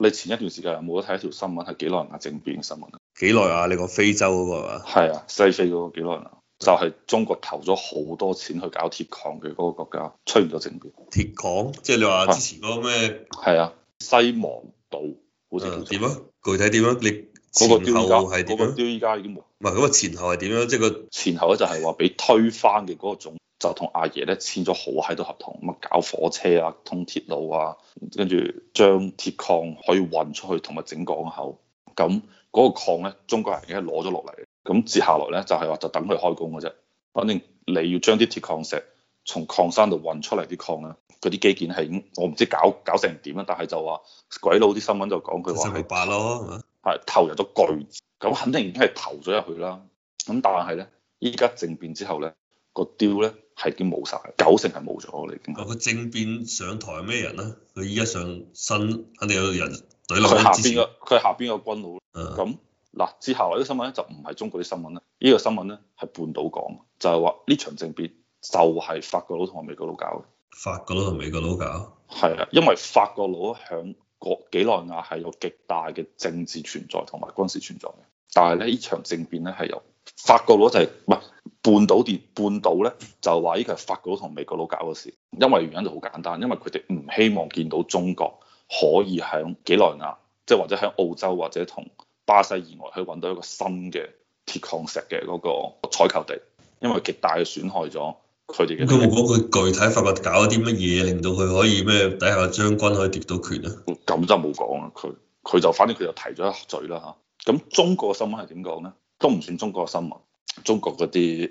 你前一段時間有冇睇一條新聞？係幾內亞政變嘅新聞啊？幾內亞啊？你講非洲嗰個啊？係啊，西非嗰個幾內亞啊？就係、是、中國投咗好多錢去搞鐵礦嘅嗰個國家出現咗政變。鐵礦即係你話之前嗰個咩？係啊，啊，西望島好似點啊，啊？具體點啊？你前後係點啊？嗰個都依家、那個、家已經唔係咁前後係點樣？即係、那個前後咧、啊，就係話俾推翻嘅嗰個就同阿爺咧簽咗好喺度合同，咁搞火車啊，通鐵路啊，跟住將鐵礦可以運出去，同埋整港口。咁嗰個礦咧，中國人已經攞咗落嚟。咁接下來咧，就係、是、話就等佢開工嘅啫。反正你要將啲鐵礦石從礦山度運出嚟啲礦啊，嗰啲基建係我唔知搞搞成點啊。但係就話鬼佬啲新聞就講佢話六百咯，係、啊、投入咗巨資，咁肯定已經係投咗入去啦。咁但係咧，依家政變之後咧。個雕咧係已經冇曬，九成係冇咗我嚟嘅。佢政變上台係咩人咧？佢依家上身肯定有個人,人。佢、嗯、下邊個佢下邊個軍佬。咁嗱，接下嚟呢啲新聞咧就唔係中國啲新聞啦。依、這個新聞咧係半島講，就係話呢場政變就係法國佬同美國佬搞嘅。法國佬同美國佬搞？係啊，因為法國佬響國幾內亞係有極大嘅政治存在同埋軍事存在嘅。但係咧，依場政變咧係由法國佬就係唔係？半島電半島咧就話依個係法國同美國佬搞嘅事，因為原因就好簡單，因為佢哋唔希望見到中國可以喺幾內亞，即係或者喺澳洲或者同巴西以外，去搵到一個新嘅鐵礦石嘅嗰個採購地，因為極大嘅損害咗佢哋嘅。佢冇講佢具體法國搞啲乜嘢令到佢可以咩底下將軍可以跌到權啊？咁就冇講啊！佢佢就反正佢就提咗一嘴啦嚇。咁中國嘅新聞係點講咧？都唔算中國嘅新聞。中國嗰啲誒，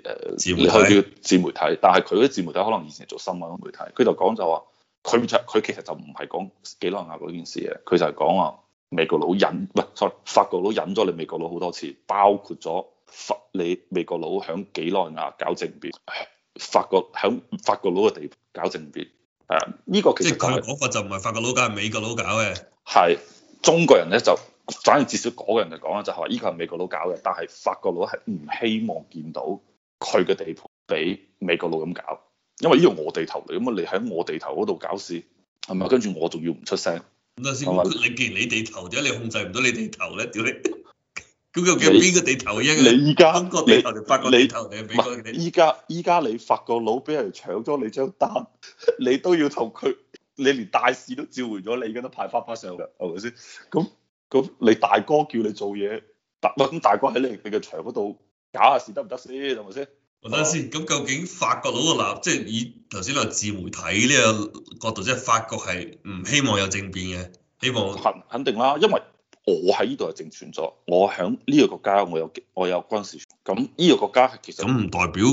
開、呃、啲自，自媒體，但係佢嗰啲自媒體可能以前係做新聞媒體，佢就講就話，佢就佢其實就唔係講幾內亞嗰件事嘅，佢就係講話美國佬忍，唔係法國佬忍咗你美國佬好多次，包括咗法你美國佬喺幾內亞搞政變，法國喺法國佬嘅地搞政變，啊，呢個其實即係佢講法就唔係法國佬搞，係美國佬搞嘅，係中國人咧就。反而至少嗰個人嚟講啦，就係話依個係美國佬搞嘅，但係法國佬係唔希望見到佢嘅地盤俾美國佬咁搞，因為依個我地頭嚟，咁啊你喺我地頭嗰度搞事係咪？跟住我仲要唔出聲？先是，吧你既然你地頭點解你控制唔到你地頭咧？屌你！咁叫叫邊個地頭啫？你依家中國地頭定法國地頭，依家依家你法國佬俾人搶咗你張單，你都要同佢，你連大使都召喚咗你嗰啲派花花上嚟，係咪先？咁咁你大哥叫你做嘢，唔好咁大哥喺你你嘅牆嗰度搞下事得唔得先？係咪先？我睇下先，咁究竟法國佬個立，即係以頭先個自媒體呢個角度，即係法國係唔希望有政變嘅，希望肯定啦，因為我喺呢度係正常咗，我響呢個國家我有，有我有軍事，咁呢個國家其實咁唔代表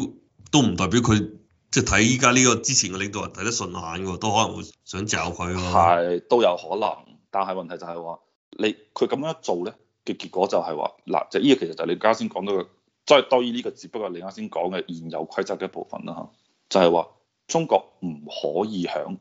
都唔代表佢即係睇依家呢個之前嘅領導人睇得順眼喎，都可能會想找佢喎。係都有可能，但係問題就係話。你佢咁樣做咧嘅結果就係話嗱，就依個其實就係你啱先講到嘅，即係多於呢個，只不過你啱先講嘅現有規則嘅一部分啦嚇。就係話中國唔可以響，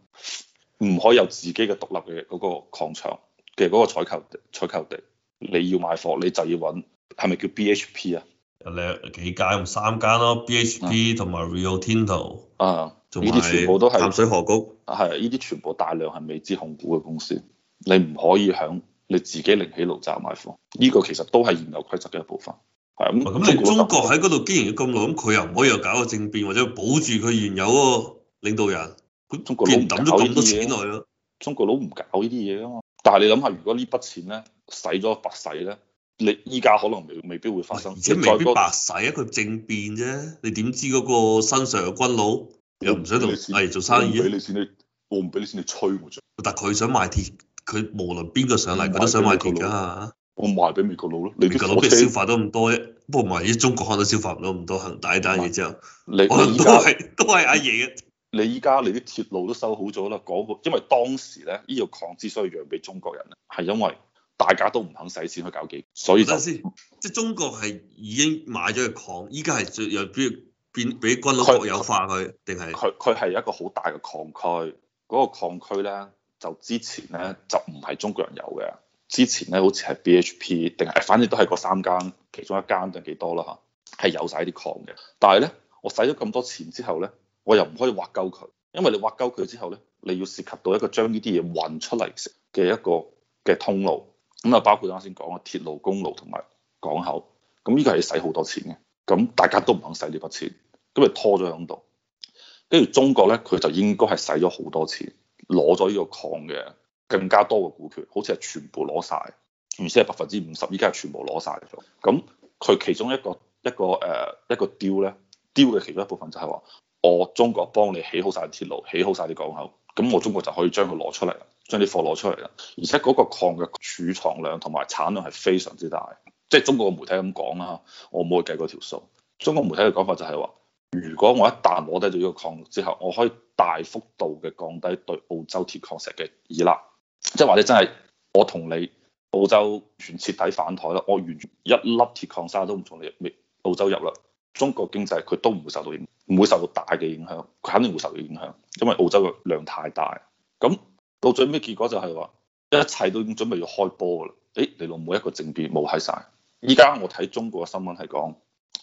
唔可以有自己嘅獨立嘅嗰個礦場嘅嗰個採購採購地。你要買貨，你就要揾係咪叫 B H P 啊？兩幾間？三間咯，B H P 同埋 Rio Tinto 啊，依啲全部都係淡水河谷，係依啲全部大量係美資控股嘅公司，你唔可以響。你自己另起爐灶買房，呢、這個其實都係現有規則嘅一部分。係咁，咁、嗯、你中國喺嗰度經營咁耐，咁佢又唔可以又搞個政變，或者保住佢原有個領導人。咁中國佬揼咗咁多錢落去，中國佬唔搞呢啲嘢啊嘛。但係你諗下，如果呢筆錢咧使咗白使咧，你依家可能未未必會發生，而且未必白使啊！佢政變啫，你點知嗰個新上嘅軍佬又唔想同係、哎、做生意？我唔俾你，你先，你我唔俾你錢，你吹我啫。但係佢想賣啲。佢無論邊個上嚟，佢都想賣鐵啫。我賣俾美國佬咯，美國佬邊度消化得咁多啫？聽不過唔係中國可能消化唔到咁多，係大單嘢之後你你依家都係阿爺嘅。你依家你啲鐵路都修好咗啦，嗰、那個因為當時咧，呢、這個礦之所以讓俾中國人咧，係因為大家都唔肯使錢去搞基建，所以就。等下先，即、就、係、是、中國係已經買咗個礦，依家係最又變變俾軍佬國有化佢定係？佢佢係一個好它是大嘅礦區，嗰、那個礦區咧。就之前咧就唔係中國人有嘅，之前咧好似係 BHP 定係，反正都係嗰三間其中一間定幾多啦嚇，係有晒啲礦嘅。但係咧，我使咗咁多錢之後咧，我又唔可以挖鳩佢，因為你挖鳩佢之後咧，你要涉及到一個將呢啲嘢運出嚟嘅一個嘅通路，咁啊包括啱先講嘅鐵路、公路同埋港口，咁呢個係要使好多錢嘅。咁大家都唔肯使呢筆錢，咁咪拖咗喺度。跟住中國咧，佢就應該係使咗好多錢。攞咗呢個礦嘅更加多嘅股權，好似係全部攞晒，原先係百分之五十，依家係全部攞曬咗。咁佢其中一個一個誒、呃、一個 deal 咧，deal 嘅其中一部分就係話，我中國幫你起好晒啲鐵路，起好晒啲港口，咁我中國就可以將佢攞出嚟，將啲貨攞出嚟啦。而且嗰個礦嘅儲藏量同埋產量係非常之大，即係中國嘅媒體咁講啦，我冇去計嗰條數。中國媒體嘅講法就係話。如果我一旦攞低咗呢個礦之後，我可以大幅度嘅降低對澳洲鐵礦石嘅依賴，即係或者真係我同你澳洲全徹底反台啦，我完全一粒鐵礦沙都唔同你入澳洲入啦。中國經濟佢都唔會受到影，唔會受到大嘅影響，佢肯定會受到影響，因為澳洲嘅量太大。咁到最尾結果就係、是、話，一切都已經準備要開波啦。誒，你老每一個政變冇喺晒。依家我睇中國嘅新聞係講，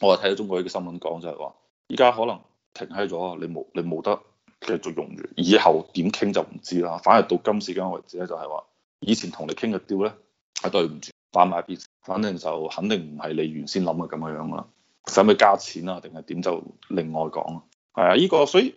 我睇到中國呢個新聞講就係、是、話。而家可能停喺咗，你冇你冇得繼續用完，以後點傾就唔知啦。反而到今時間為止咧，就係話以前同你傾嘅 deal 咧，係對唔住反賣別，反正就肯定唔係你原先諗嘅咁嘅樣啦。使唔使加錢啊？定係點就另外講咯。係啊，呢個所以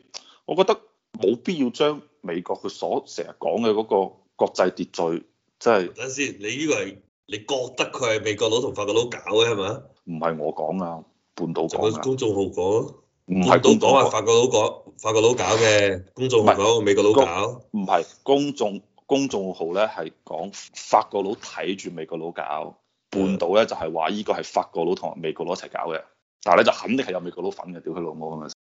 我覺得冇必要將美國佢所成日講嘅嗰個國際秩序，即係等先，你依個係你覺得佢係美國佬同法國佬搞嘅係咪？唔係我講啊，半島講啊，公眾號講唔係都講話法國佬講，法國佬搞嘅公眾號,號，美國佬搞。唔係公眾公眾號咧，係講法國佬睇住美國佬搞,的搞,搞，半島咧就係話依個係法國佬同美國佬一齊搞嘅，但係咧就肯定係有美國佬份嘅，屌佢老母咁樣！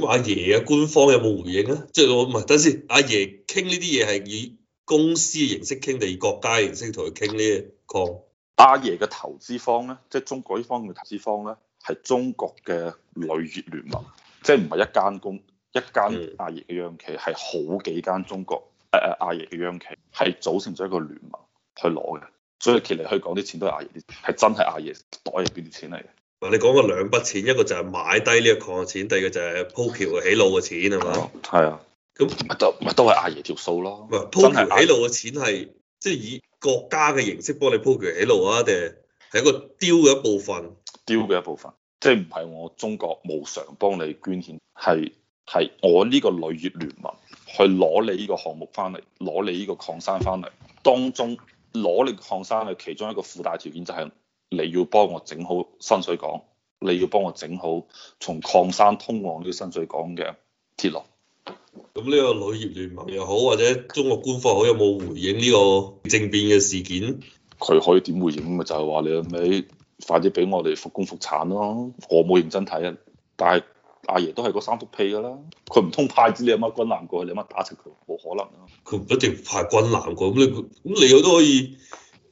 咁阿爺啊，爺官方有冇回應呢、就是、啊？即係我唔係等先，阿爺傾呢啲嘢係以公司形式傾定以國家形式同佢傾呢個阿爺嘅投資方咧，即係中國呢方面嘅投資方咧，係中國嘅鋁業聯盟，即係唔係一間公一間阿爺嘅央企，係好幾間中國誒誒、啊啊、阿爺嘅央企係組成咗一個聯盟去攞嘅，所以其實嚟去講啲錢都係阿爺啲，係真係阿爺袋入邊啲錢嚟嘅。嗱，你講個兩筆錢，一個就係買低呢個礦嘅錢，第二個就係鋪橋起路嘅錢係嘛？係啊，咁就唔係都係阿爺條數咯。唔鋪橋起路嘅錢係即係以國家嘅形式幫你鋪橋起路啊，定係係一個 deal 嘅一部分？Deal 嘅一部分，即係唔係我中國無償幫你捐獻，係係我呢個鋁業聯盟去攞你呢個項目翻嚟，攞你呢個礦山翻嚟，當中攞你礦山嘅其中一個附帶條件就係、是、你要幫我整好深水港，你要幫我整好從礦山通往呢個深水港嘅鐵路。咁呢個鋁業聯盟又好，或者中國官方好，有冇回應呢個政變嘅事件？佢可以點回應？咪就係話你咪快啲俾我哋復工復產咯！我冇認真睇，但係阿爺都係嗰三幅屁㗎啦！佢唔通派住你阿媽軍艦過去，你阿媽打直佢冇可能啊！佢唔一定派軍艦過去，咁你咁你又都可以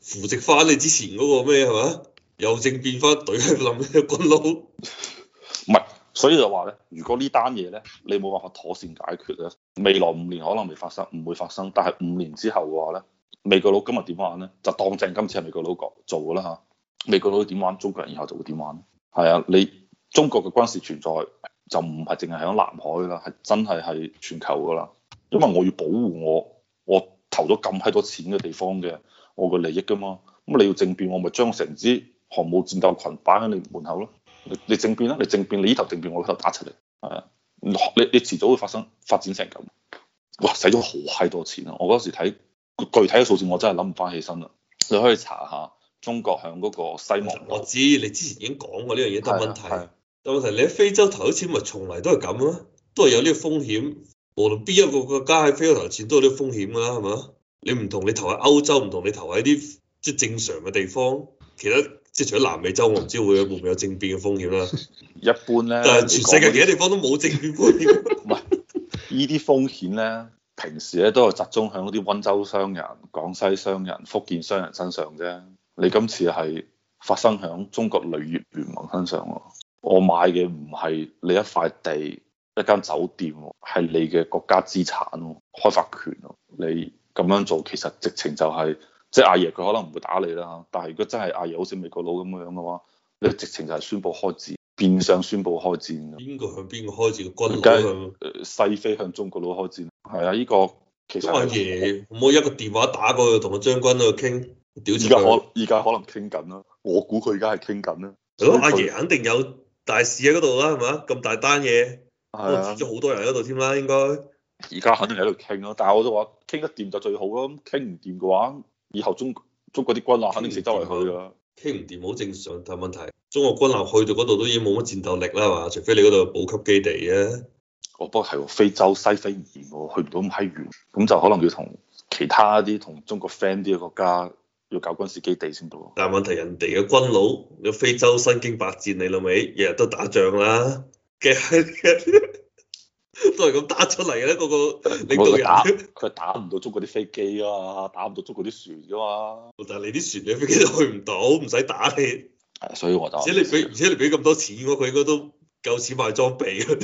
扶植翻你之前嗰個咩係嘛？又政變翻隊去，諗咩軍佬？唔係。所以就話咧，如果呢單嘢咧，你冇辦法妥善解決咧，未來五年可能未發生，唔會發生。但係五年之後嘅話咧，美國佬今日點玩咧，就當正今次係美國佬講做嘅啦嚇。美國佬點玩，中國人以後就會點玩。係啊，你中國嘅軍事存在就唔係淨係喺南海啦，係真係係全球嘅啦。因為我要保護我，我投咗咁閪多錢嘅地方嘅我個利益㗎嘛。咁你要政變，我咪將成支航母戰鬥群擺喺你門口咯。你政變啦，你政變，你呢頭政變，正我嗰頭打出嚟，係啊，你你遲早會發生發展成咁。哇！使咗好閪多錢啊！我嗰時睇具體嘅數字，我真係諗唔翻起身啦。你可以查下中國向嗰個西望。我知你之前已經講過呢樣嘢，但係問題，但問題你喺非洲投錢咪從來都係咁咯，都係有呢個風險。無論邊一個國家喺非洲投錢，都係有呢個風險㗎啦，係嘛？你唔同，同你投喺歐洲，唔同你投喺啲即係正常嘅地方，其實。即係除咗南美洲，我唔知會會唔會有政變嘅風險啦。一般咧，但係全世界其他地方都冇政變風險。 唔係，依啲風險咧，平時咧都係集中喺嗰啲溫州商人、廣西商人、福建商人身上啫。你今次係發生喺中國鋁業集團身上喎。我買嘅唔係你一塊地、一間酒店，係你嘅國家資產咯，開發權咯。你咁樣做，其實直情就係、是。即係阿爺佢可能唔會打你啦，但係如果真係阿爺好似美國佬咁樣嘅話，你直情就係宣布開戰，變相宣布開戰。邊個向邊個開戰？軍機，西非向中國佬開戰。係啊，呢個其實阿爺唔好一個電話打過去同個將軍去傾，屌而家可，而家可能傾緊啦。我估佢而家係傾緊啦。阿爺肯定有大，大事喺嗰度啦，係嘛、啊？咁大單嘢，我知咗好多人喺度添啦，應該。而家肯定喺度傾咯，但係我都話傾得掂就最好咯，傾唔掂嘅話。以後中國中國嗰啲軍艦啊，肯定唔食得嚟去啦。傾唔掂好正常，但問題中國軍艦去到嗰度都已經冇乜戰鬥力啦，嘛？除非你嗰度補給基地啊。我不過係非洲西非而，我去唔到咁閪遠，咁就可能要同其他啲同中國 friend 啲嘅國家要搞軍事基地先到。但問題人哋嘅軍佬，如果非洲身經百戰，你老味日日都打仗啦，嘅 都係咁打出嚟嘅，嗰個領導人。佢打唔到中國啲飛機啊，打唔到中國啲船啫嘛。但係你啲船嘅飛機都去唔到，唔使打你。所以我就而且你俾，而且你俾咁多錢，佢應該都夠錢買裝備。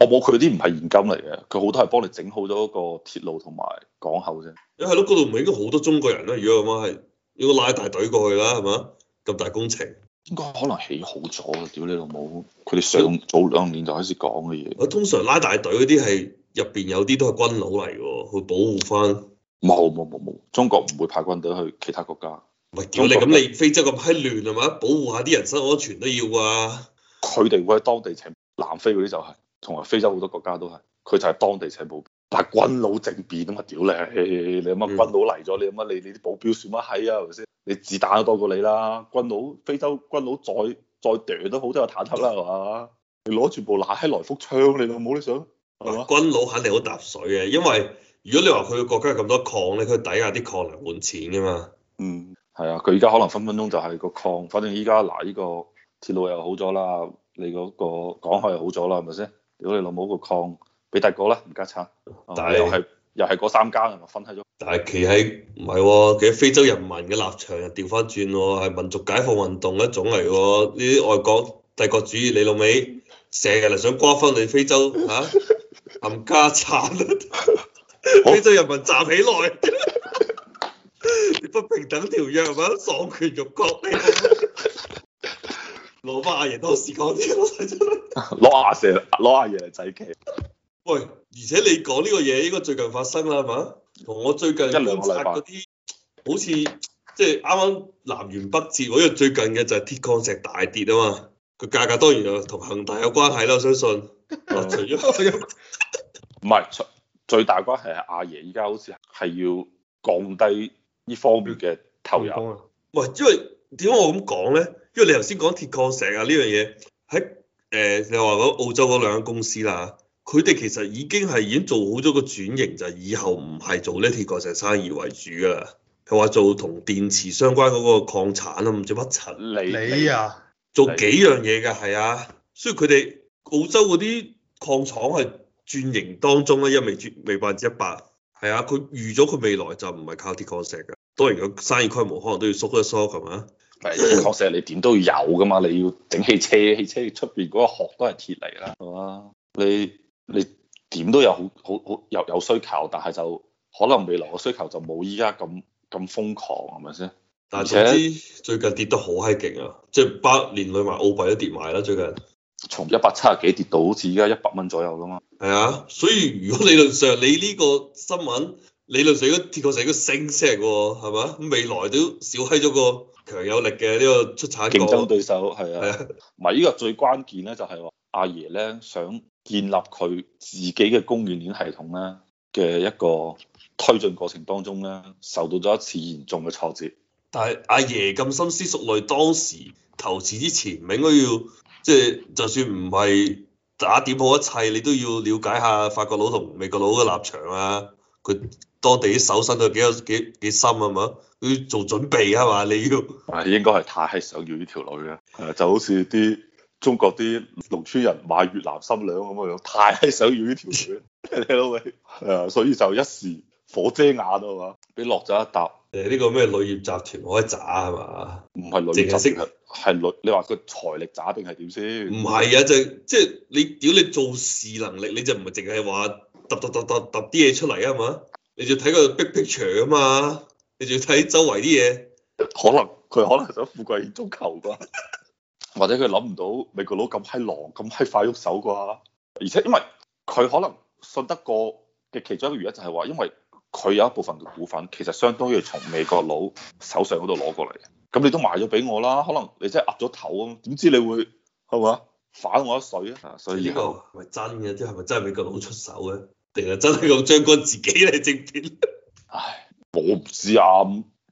我冇佢啲唔係現金嚟嘅，佢好多係幫你整好咗嗰個鐵路同埋港口啫。誒係咯，嗰度唔係應該好多中國人咩？如果咁樣係，如果拉大隊過去啦，係咪？咁大工程。應該可能起好咗啊！屌你老母，佢哋上早兩年就開始講嘅嘢。我通常拉大隊嗰啲係入邊有啲都係軍佬嚟嘅，去保護翻。冇冇冇冇，中國唔會派軍隊去其他國家。屌你，咁你非洲咁閪亂係嘛？保護下啲人身安全都要啊。佢哋會喺當地請南非嗰啲就係、是，同埋非洲好多國家都係，佢就係當地請保。但係軍佬政變啊嘛，屌你！你有乜軍佬嚟咗？你有乜你你啲保鏢算乜閪啊？係咪先？你子彈都多過你啦，軍佬非洲軍佬再再嗲都好都有坦克啦，係嘛？你攞住部攬閪來福槍你老母你想，係嘛？軍佬肯定好揼水嘅，因為如果你話佢嘅國家咁多礦咧，佢抵押啲礦嚟換錢噶嘛。嗯，係啊，佢依家可能分分鐘就係個礦，反正依家嗱呢個鐵路又好咗啦，你嗰、那個港口又好咗啦，係咪先？如果你老母個礦，俾大哥啦，冚家鏟，但係又係又係嗰三家人分開咗。但係企喺唔係喎，企喺非洲人民嘅立場又調翻轉喎，係民族解放運動一種嚟喎。呢啲外國帝國主義，你老味成日嚟想瓜分你非洲嚇，冚家鏟，非洲人民站起來，你不平等條約係咪喪權辱國？攞翻阿爺當時講啲，攞阿蛇，攞阿爺嚟制佢。喂，而且你講呢個嘢，應該最近發生啦係嘛？同我最近一兩集嗰啲，好似即係啱啱南轅北轍，因為最近嘅就係鐵礦石大跌啊嘛，佢價格當然又同恒大有關係啦，我相信。除咗唔係，最大關係係阿爺依家好似係要降低呢方面嘅投入。喂，因為點解我咁講咧？因為你頭先講鐵礦石啊呢樣嘢，喺、這、誒、個呃，你話澳洲嗰兩間公司啦。佢哋其實已經係已經做好咗個轉型，就係、以後唔係做呢鐵礦石生意為主啦。佢話做同電池相關嗰個礦產啦，唔知乜柒。你鋁啊，你啊做幾樣嘢嘅係啊。所以佢哋澳洲嗰啲礦廠係轉型當中咧，因為未轉未百分之一百。係啊，佢預咗佢未來就唔係靠鐵礦石嘅。當然個生意規模可能都要縮一縮係嘛？嗯、鐵礦石你點都要有㗎嘛？你要整汽車，汽車出邊嗰個殼都係鐵嚟啦，係嘛？你。你點都有好好好有有需求，但係就可能未來個需求就冇依家咁咁瘋狂，係咪先？但係，而且最近跌得好嗨勁啊，即係百連累埋澳幣都跌埋啦，最近從一百七十幾跌到好似依家一百蚊左右啦嘛。係啊，所以如果理論上你呢個新聞理論上都跌落成個星石，係咪？未來都少閪咗個強有力嘅呢個出產競爭對手，係啊，同埋呢個最關鍵咧就係話阿爺咧想。建立佢自己嘅供應鏈系統咧嘅一個推進過程當中咧，受到咗一次嚴重嘅挫折。但係阿爺咁深思熟慮，當時投資之前唔應該要即係，就算唔係打點好一切，你都要了解下法國佬同美國佬嘅立場啊。佢多地啲手伸到幾有幾幾深啊嘛，要做準備啊，嘛，你要係應該係太係想要呢條女啦。係就好似啲。中國啲農村人買越南新娘咁樣，太想要呢條船。你老，所以就一時火遮眼啊嘛，俾落咗一沓誒呢個咩旅業集團可以渣係嘛？唔係旅業集團，係旅。你話佢財力渣定係點先？唔係啊，就係、即係你屌你做事能力，你就唔係淨係話揼揼揼揼揼啲嘢出嚟啊嘛。你仲睇個 big picture 啊嘛，你仲睇周圍啲嘢。可能佢可能想富貴足球啩？或者佢諗唔到美國佬咁閪狼咁閪快喐手啩、啊，而且因為佢可能信得過嘅其中一個原因就係話，因為佢有一部分嘅股份其實相當於從美國佬手上嗰度攞過嚟，咁你都埋咗俾我啦，可能你真係壓咗頭啊，點知你會係咪？反我一水啊！所以呢個係咪真嘅？即係咪真係美國佬出手啊？定係真係個張哥自己嚟整嘅？ 唉，我唔知啊，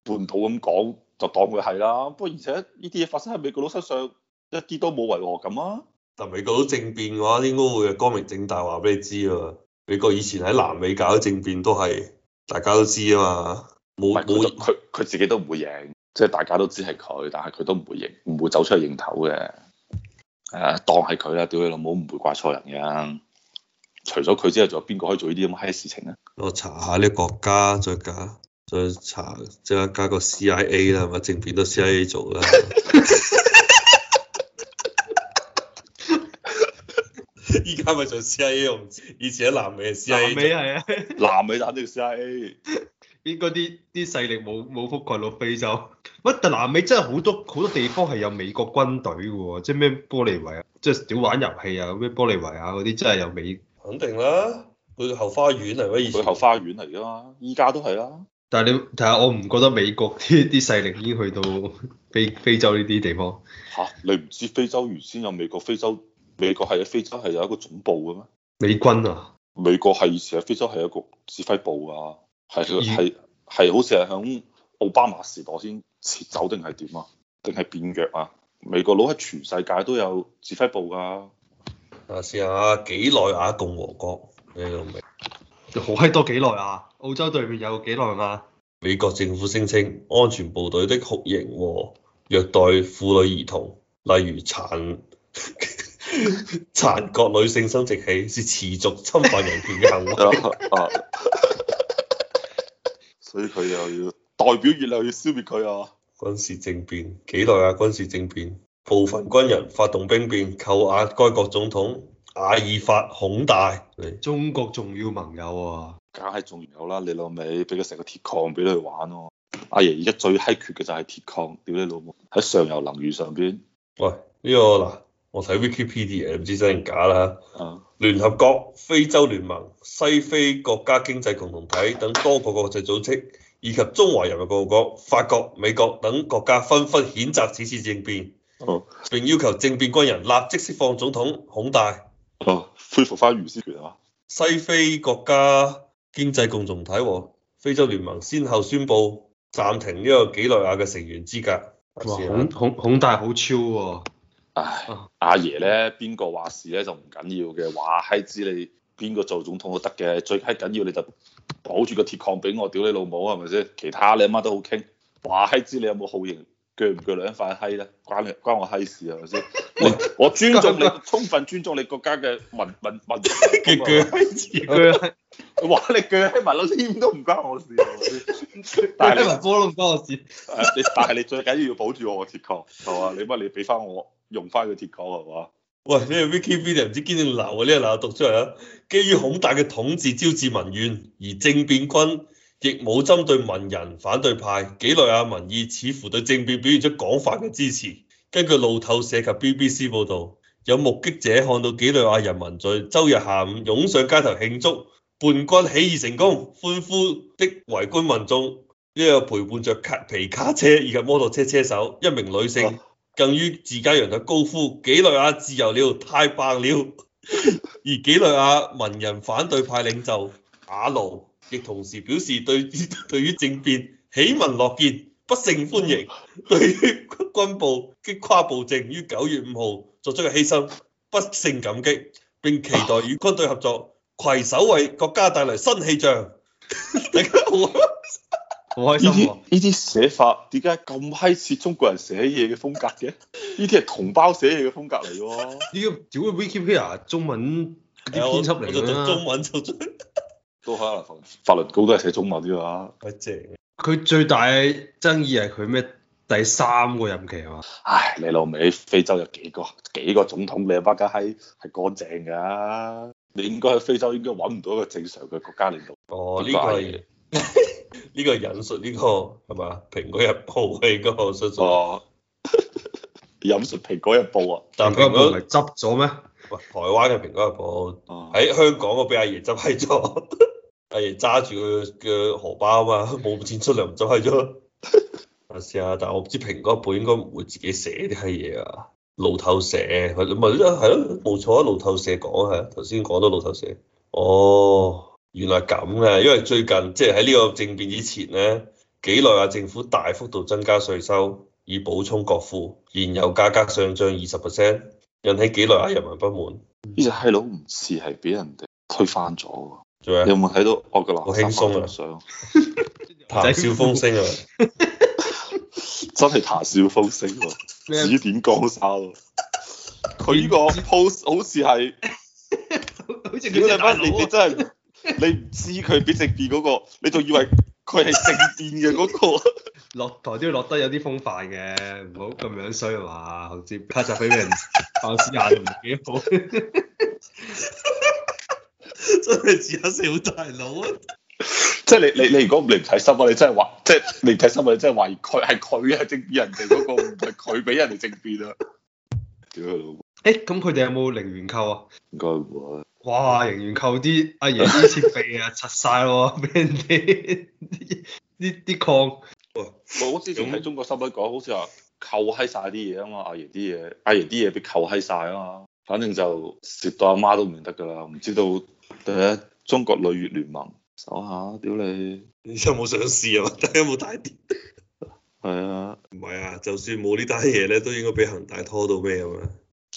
半島咁講就當佢係啦。不過而且呢啲嘢發生喺美國佬身上。一啲都冇違和感啊！但美國都政變嘅話、啊，應該會光明正大話俾你知啊！美國以前喺南美搞政變都係大家都知啊嘛，冇冇佢佢自己都唔會贏，即、就、係、是、大家都知係佢，但係佢都唔會贏，唔會走出嚟認頭嘅。誒、啊，當係佢啦，屌你老母，唔會怪錯人嘅、啊。除咗佢之外，仲有邊個可以做呢啲咁嘅事情啊？我查下呢個國家再加，再查即刻加個 CIA 啦，係咪政變都 CIA 做啦？ 係咪仲 CIA 我唔知，以前喺南美啊美， 南美係啊，南美打定 CIA。應該啲啲勢力冇冇覆蓋落非洲。喂，但南美真係好多好多地方係有美國軍隊嘅喎，即係咩玻利維亞，即係屌玩遊戲啊，咩玻利維亞嗰啲真係有美。肯定啦，佢嘅後花園嚟嘅，以前後花園嚟嘅嘛，依家都係啦。但係你看看，但係我唔覺得美國啲啲勢力已經去到非非洲呢啲地方。嚇！你唔知非洲原先有美國非洲？ 美國係喺非洲係有一個總部嘅咩？美軍啊！美國係以前喺非洲係有一個指揮部啊，係係係好似係響奧巴馬時代先撤走定係點啊？定係變弱啊？美國佬喺全世界都有指揮部㗎啊。試下幾內亞共和國，你好閪多幾內亞，澳洲對面有幾內亞。美國政府聲稱，安全部隊的酷刑和虐待婦女兒童，例如殘 殘國女性生殖器是持續侵犯人權嘅行為。 所以佢又要代表月亮要消滅佢啊！軍事政變幾內亞？軍事政變，部分軍人發動兵變，扣押該國總統。阿爾法孔大，中國重要盟友啊！梗係仲有啦，你老味俾佢成個鐵礦俾佢玩咯，啊。阿爺而家最閪缺嘅就係鐵礦，屌你老母！喺上游淋雨上邊，喂呢、這個嗱。我睇 Wikipedia 唔知真定假啦，聯合國、非洲聯盟、西非國家經濟共同體等多個國際組織以及中華人民共和國、法國、美國等國家紛紛譴責此次政變，並要求政變軍人立即釋放總統孔戴，恢復翻漁師權啊！西非國家經濟共同體和非洲聯盟先後宣布暫停呢個幾內亞嘅成員資格。哇，孔孔孔大好超喎、哦！唉，阿爺咧，邊個話事咧就唔緊要嘅，話閪知你邊個做總統都得嘅，最閪緊要你就是保住個鐵礦俾我，屌你老母係咪先？其他你阿媽、媽都好傾，話閪知你有冇好型？鋸唔鋸兩塊閪咧？關你關我閪事係咪先？我尊重你，充分尊重你國家嘅文文文嘅句閪字句。話你鋸閪文老師都唔關我事、啊。但係你拉閹波都唔關我事、啊。 但你 但係你最緊要要保住我個鐵礦。係啊， 你乜你俾翻我用翻個鐵礦係嘛？ 喂，你個 V K V D 唔知堅定流啊！呢個嗱讀出嚟啊！基於孔，孔大嘅統治招致民怨，而政變軍。亦冇針對文人反對派，幾內亞民意似乎對政變表現出廣泛嘅支持。根據路透社及 BBC 報道，有目擊者看到幾內亞人民在周日下午湧上街頭慶祝叛軍起義成功，歡呼的圍觀民眾，一個陪伴著皮卡車以及摩托車車手，一名女性更於自家陽台高呼：幾內亞自由了，太棒了！ 而幾內亞文人反對派領袖阿奴，亦同時表示對對於政變喜聞樂見，不勝歡迎；對於軍部擊垮暴政於九月五號作出嘅犧牲，不勝感激，並期待與軍隊合作，攜手為國家帶嚟新氣象。 大家好開心呢啲 寫法點解咁閪似中國人寫嘢嘅風格嘅？呢啲係同胞寫嘢嘅風格嚟喎、啊。呢個屌嘅 Wikipedia 中文啲編輯嚟㗎啦。 哎 都可能法，法律稿都係寫中文啲啊。佢最大嘅爭議係佢咩？第三個任期係嘛？唉，你老味，非洲有幾個幾個總統你阿媽家閪係乾淨噶？你應該喺非洲應該揾唔到一個正常嘅國家領導。哦，呢、這個呢 個引述呢、這個係嘛？蘋果日報呢個說說。哦， 引述蘋果日報啊？但蘋果唔係執咗咩？喂，台灣嘅蘋果日報，喺香港我俾阿爺執喺咗。 係揸住佢嘅荷包啊嘛，冇錢出糧就係咗。試下，但係我唔知蘋果本應該唔會自己寫啲閪嘢啊。路透社，唔係，係咯，冇錯啊，路透社講係頭先講到路透社。哦，原來咁嘅，因為最近即係喺呢個政變之前咧，幾內亞政府大幅度增加稅收以補充國庫，燃油價格上漲二十 percent，引起幾內亞人民不滿。呢隻閪佬唔似係俾人哋推翻咗。你有冇睇到我個好輕鬆嘅相？談笑風生啊！真係談笑風生喎，指點江山，佢依個 pose 好似係、啊，好似佢打手。你真係你唔知佢俾政變嗰個，你仲以為佢係政變嘅嗰個？ 落台都要落得有啲風範嘅，唔好咁樣衰啊嘛！好似拍就俾人爆死廿年幾好。 真係自己笑大佬啊！ 即係你你你如果你唔睇心啊，你真係懷即係你睇心啊，你真係懷疑佢係佢啊，定人哋嗰、那個唔係佢俾人哋政變啊？屌啊老？誒咁佢哋有冇零元購啊？應該冇啊！哇，零元購啲阿爺啲設備啊，拆曬咯，俾人哋啲啲礦。我之前喺中國新聞講，好似話扣閪晒啲嘢啊嘛，阿爺啲嘢，阿爺啲嘢俾扣閪晒啊嘛。反正就蝕到阿媽都唔認得噶啦，唔知道。 對啊，中國鋁業聯盟搜下，屌你你有冇上市啊？睇有冇大碟，係啊，唔係啊，就算冇呢單嘢咧，都應該俾恒大拖到咩啊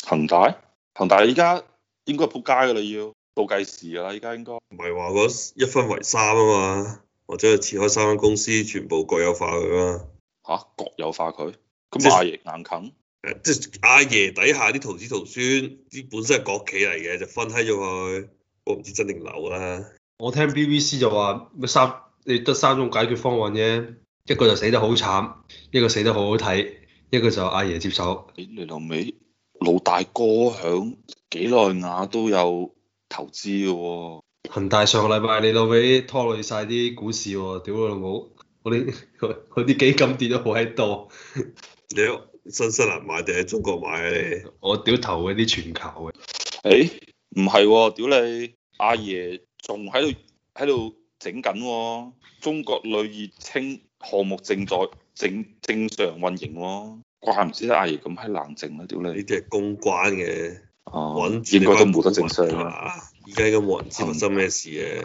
恒大，恒大依家應該仆街噶啦，你要倒計時噶啦，依家應該唔係話嗰一分為三啊嘛，或者係切開三間公司，全部國有化佢啊嘛？嚇、啊，國有化佢咁阿爺硬啃？誒是、啊，即係阿爺底下啲徒子徒孫，啲本身係國企嚟嘅，就分開咗佢。我唔知真定流啦。我聽 BBC 就話三，你得三種解決方案啫。一個就死得好慘，一個死得好好睇，一個就阿爺接手、哎。你老尾老大哥響幾耐啊？都有投資嘅喎。恒大上個禮拜你老尾拖累晒啲股市喎，屌老母，嗰啲啲基金跌咗好喺度。屌， 新西蘭買定係中國買？我屌投嗰啲全球嘅。誒、哎，唔係、哦，屌你。阿爺仲喺度喺度整緊、啊、喎，中國鋁業稱項目正在正正常運營喎、啊，怪唔知得阿爺咁閪冷靜啦，屌你！呢啲係公關嘅。哦、啊，應該都冇得正常啦，而家都冇人知發生咩事嘅、啊。嗯